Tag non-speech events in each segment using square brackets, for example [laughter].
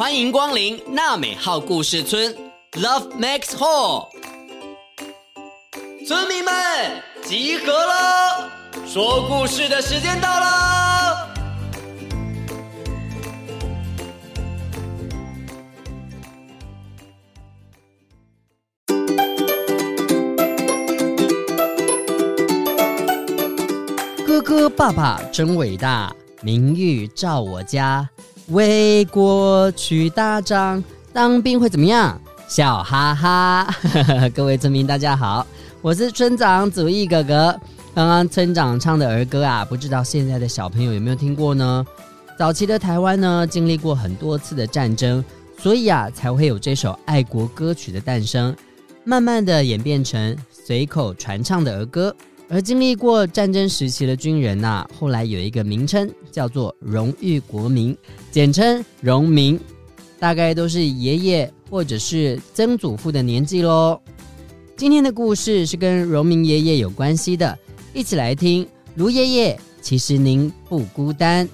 歡迎光臨納美號故事村，Love Max Hall，村民們集合了，說故事的時間到嘍。哥哥爸爸真偉大，名譽照我家。為國去打仗，當兵會怎麼樣？笑哈哈！ [laughs] 各位村民，大家好，我是村長祖逸哥哥。剛剛村長唱的兒歌啊，不知道現在的小朋友有沒有聽過呢？早期的台灣呢，經歷過很多次的戰爭，所以啊，才會有這首愛國歌曲的誕生，慢慢的演變成隨口傳唱的兒歌。而經歷過戰爭時期的軍人吶、啊，後來有一個名稱叫做榮譽國民，簡稱榮民，大概都是爺爺或者是曾祖父的年紀嘍。今天的故事是跟榮民爺爺有關係的，一起來聽，盧爺爺，其實您不孤單。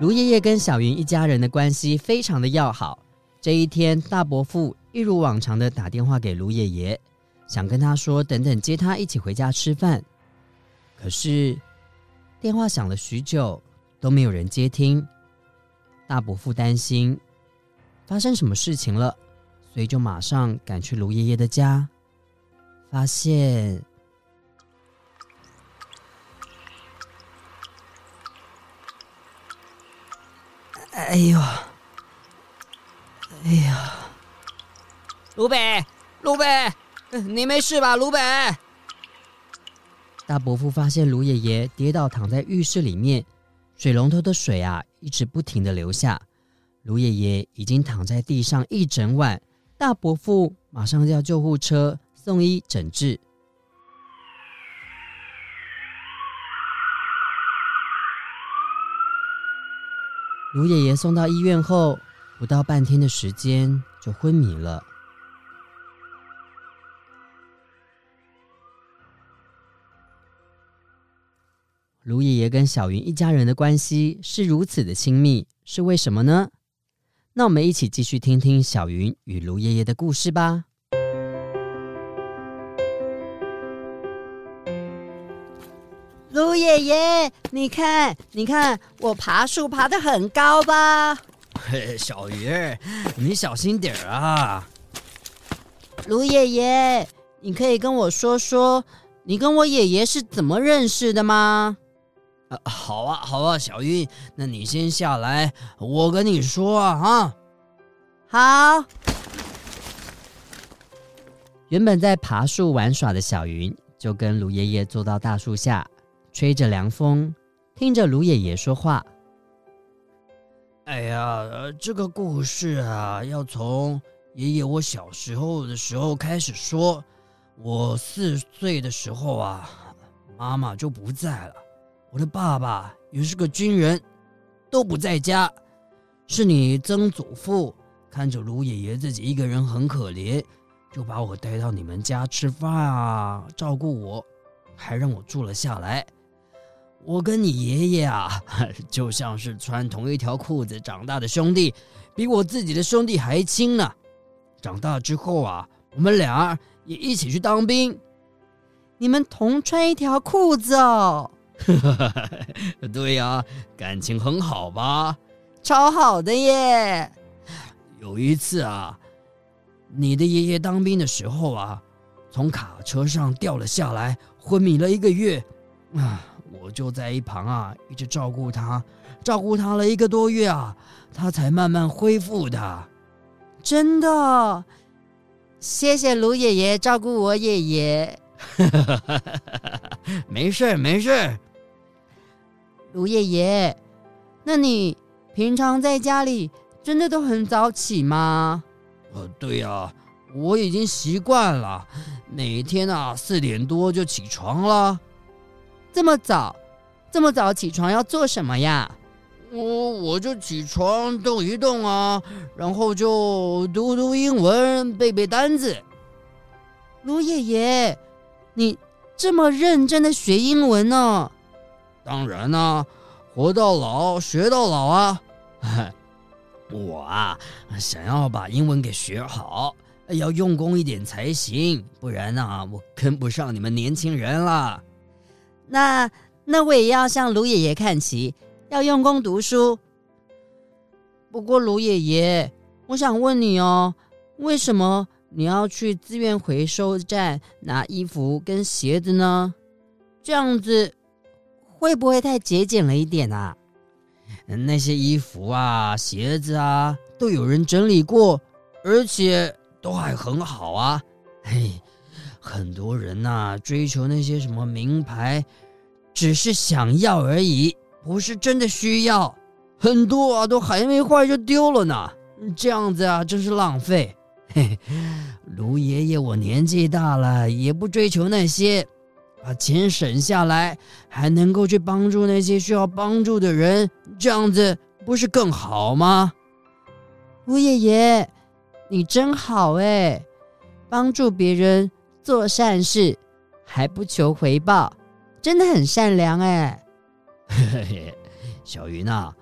盧爺爺跟小昀一家人的關係非常的要好。這一天，大伯父一如往常的打電話給盧爺爺，想跟他說等等接他一起回家吃飯。可是電話響了許久都沒有人接聽，大伯父擔心發生什麼事情了，所以就馬上趕去盧爺爺的家，發現。哎呦，哎呦，盧伯，盧伯，你沒事吧？盧伯。大伯父發現盧爺爺跌倒躺在浴室裡面，水龍頭的水啊一直不停的流下，盧爺爺已經躺在地上一整晚，大伯父馬上叫救護車送醫診治。盧爺爺送到醫院後，不到半天的時間就昏迷了。盧爺爺跟小昀一家人的關係是如此的親密，是為什麼呢？那我們一起繼續聽聽小昀與盧爺爺的故事吧。盧爺爺，你看，你看，我爬樹爬得很高吧？嘿嘿，小昀，你小心點啊！盧爺爺，你可以跟我說說，你跟我爺爺是怎麼認識的嗎？啊，好啊，好啊，小昀，那你先下來，我跟你說啊。啊好。原本在爬樹玩耍的小昀，就跟盧爺爺坐到大樹下。吹着涼風，聽着盧爺爺說話。哎呀，這個故事啊，要從爺爺我小時候的時候開始說。我四歲的時候啊，媽媽就不在了，我的爸爸也是個軍人，都不在家。是你曾祖父看着盧爺爺自己一個人很可憐，就把我帶到你們家吃飯啊，照顧我，還讓我住了下來。我跟你爺爺啊，就像是穿同一條褲子長大的兄弟，比我自己的兄弟還親呢。長大之後啊，我們倆也一起去當兵。你們同穿一條褲子哦。 [laughs] 對呀，啊，感情很好吧？超好的耶。有一次啊，你的爺爺當兵的時候啊，從卡車上掉了下來，昏迷了一個月啊。我就在一旁啊，一直照顧他，照顧他了一個多月啊，他才慢慢恢復的。真的，謝謝盧爺爺照顧我爺爺。沒事 [laughs] 沒事，沒事。盧爺爺，那你平常在家裡真的都很早起嗎？呃，對呀，啊，我已經習慣了，每天啊四點多就起床了。這麼早，這麼早起床要做什麼呀？我我就起床動一動啊，然後就讀讀英文，背背單詞。盧爺爺，你這麼認真的學英文呢、哦？當然啦、啊，活到老學到老啊！ [laughs] 我啊，想要把英文給學好，要用功一點才行，不然呢、啊，我跟不上你們年輕人了。那那我也要向盧爺爺看齊，要用功讀書。不過盧爺爺，我想問你哦，為什麼你要去資源回收站拿衣服跟鞋子呢？這樣子會不會太節儉了一點啊？那，那些衣服啊、鞋子啊，都有人整理過，而且都還很好啊，嘿。很多人吶、啊，追求那些什麼名牌，只是想要而已，不是真的需要。很多啊，都還沒壞就丟了呢，這樣子啊，真是浪費。嘿嘿。盧爺爺，我年紀大了，也不追求那些，把錢省下來，還能夠去幫助那些需要幫助的人，這樣子不是更好嗎？盧爺爺，你真好哎，幫助別人。做善事還不求回報，真的很善良哎、欸。 [laughs] 小昀啊，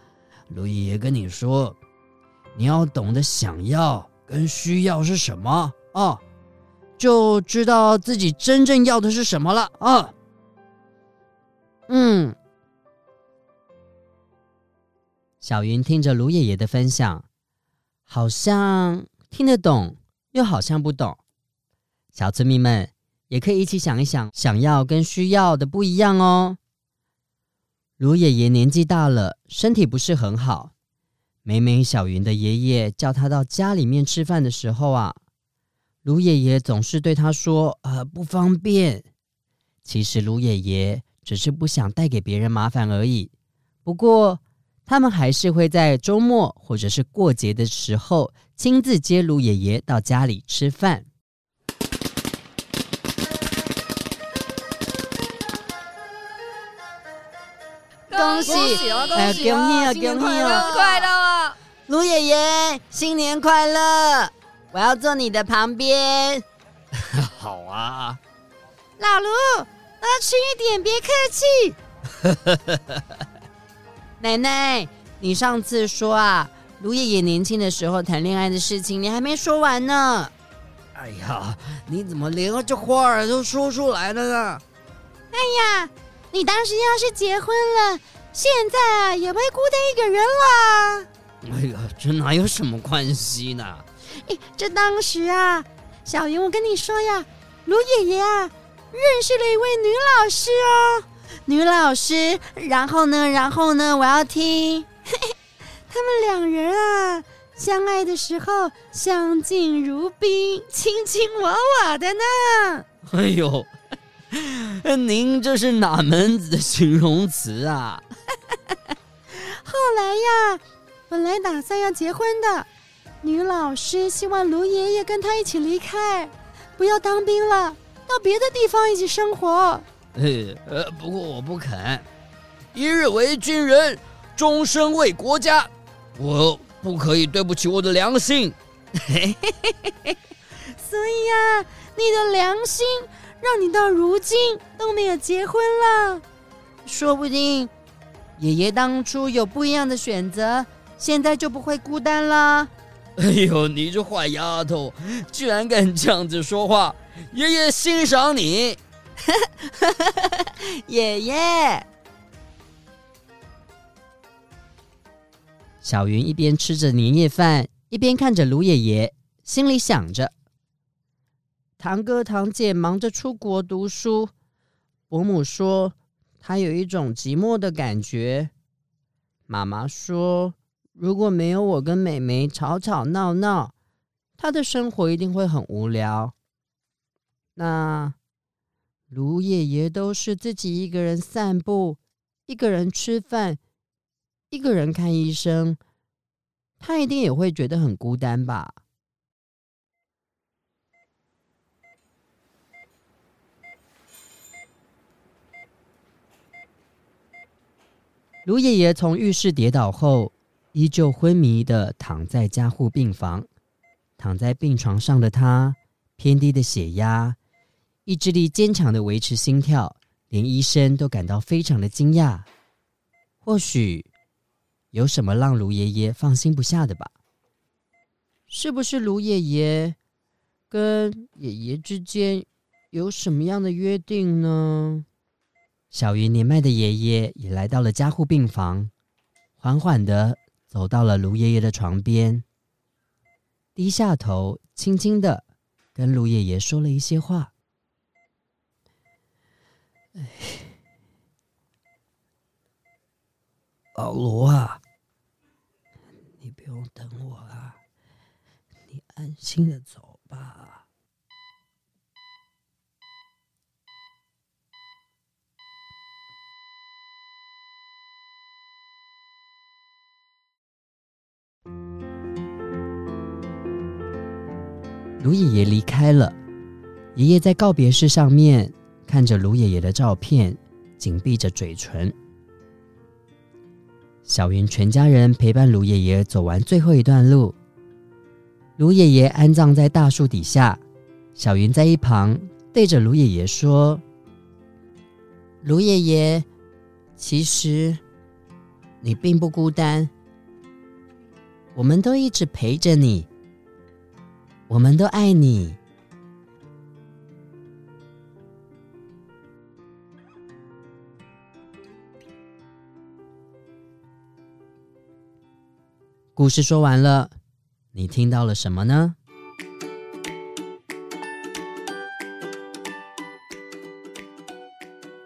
盧爺爺跟你說，你要懂得想要跟需要是什麼啊，就知道自己真正要的是什麼了啊。嗯，小昀聽着盧爺爺的分享，好像聽得懂，又好像不懂。小村民們也可以一起想一想，想要跟需要的不一樣哦。盧爺爺年紀大了，身體不是很好。每每小昀的爺爺叫他到家裡面吃飯的時候啊，盧爺爺總是對他說：“呃，不方便。”其實盧爺爺只是不想帶給別人麻煩而已。不過，他們還是會在周末或者是過節的時候親自接盧爺爺到家裡吃飯。恭喜，恭喜、啊，恭喜、啊，恭喜啊、新年快樂！啊、盧爺爺，新年快樂！我要坐你的旁邊。好啊，老盧，多吃一點，別客氣。 [laughs] 奶奶，你上次說啊，盧爺爺年輕的時候談戀愛的事情，你還沒說完呢。哎呀，你怎麼連這話都說出來了呢？哎呀！你當時要是結婚了，現在啊也不會孤單一個人啦啊。哎呀，這哪有什麼關係呢？哎，這當時啊，小昀，我跟你說呀，盧爺爺啊認識了一位女老師哦，女老師，然後呢，然後呢，我要聽。嘿嘿他們兩人啊相愛的時候相敬如賓，卿卿我我的呢。哎呦！您這是哪門子的形容詞啊？後來呀，本來打算要結婚的女老師希望盧爺爺跟她一起離開，不要當兵了，到別的地方一起生活。呃呃，不過我不肯，一日為軍人，終身為國家，我不可以對不起我的良心。 [laughs] 所以呀、啊，你的良心。讓你到如今都沒有結婚了，說不定爺爺當初有不一樣的選擇，現在就不會孤單了。哎呦，你這壞丫頭，居然敢這樣子說話！爺爺欣賞你， [laughs] 爺爺。小昀一邊吃着年夜飯，一邊看着盧爺爺，心裡想着。堂哥堂姐忙着出國讀書，伯母說她有一種寂寞的感覺。媽媽說如果沒有我跟妹妹吵吵鬧鬧，她的生活一定會很無聊。那盧爺爺都是自己一個人散步，一個人吃飯，一個人看醫生，他一定也會覺得很孤單吧。盧爺爺從浴室跌倒後，依舊昏迷地躺在加護病房。躺在病床上的他，偏低的血壓，意志力堅強地維持心跳，連醫生都感到非常的驚訝。或許有什麼讓盧爺爺放心不下的吧？是不是盧爺爺跟爺爺之間有什麼樣的約定呢？小昀年邁的爺爺也來到了加護病房，緩緩的走到了盧爺爺的床邊，低下頭，輕輕的跟盧爺爺說了一些話，哎：“老盧啊，你不用等我了，你安心的走。”盧爺爺離開了，爺爺在告別式上面看着盧爺爺的照片，緊閉着嘴唇。小昀全家人陪伴盧爺爺走完最後一段路，盧爺爺安葬在大樹底下，小昀在一旁對着盧爺爺說：“盧爺爺，其實你並不孤單，我們都一直陪着你。”我們都愛你。故事說完了，你聽到了什麼呢？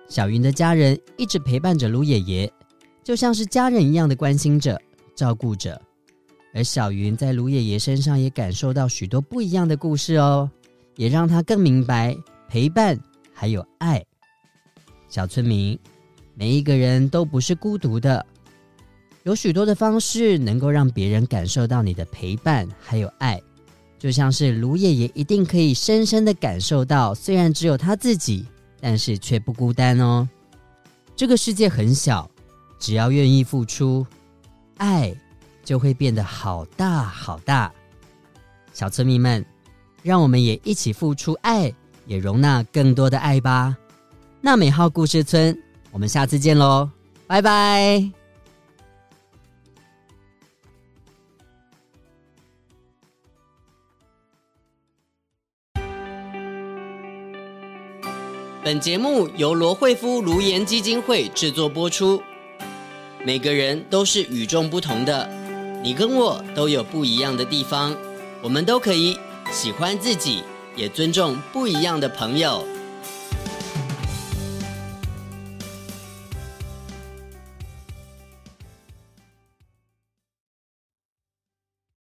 小昀的家人一直陪伴着盧爺爺，就像是家人一樣的關心着、照顧着。而小昀在盧爺爺身上也感受到許多不一樣的故事哦，也讓他更明白陪伴還有愛。小村民，每一個人都不是孤獨的，有許多的方式能夠讓別人感受到你的陪伴還有愛。就像是盧爺爺一定可以深深地感受到，雖然只有他自己，但是卻不孤單哦。這個世界很小，只要願意付出愛，就會變得好大好大，小村民們，讓我們也一起付出愛，也容納更多的愛吧。納美號故事村，我們下次見嘍，拜拜。本節目由羅慧夫顱顏基金會製作播出。每個人都是與眾不同的。你跟我都有不一樣的地方，我們都可以喜歡自己，也尊重不一樣的朋友。